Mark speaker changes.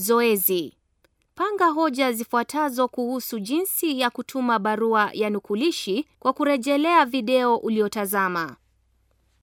Speaker 1: Zoezi: panga hoja zifuatazo kuhusu jinsi ya kutuma barua ya nukulishi kwa kurejelea video uliotazama.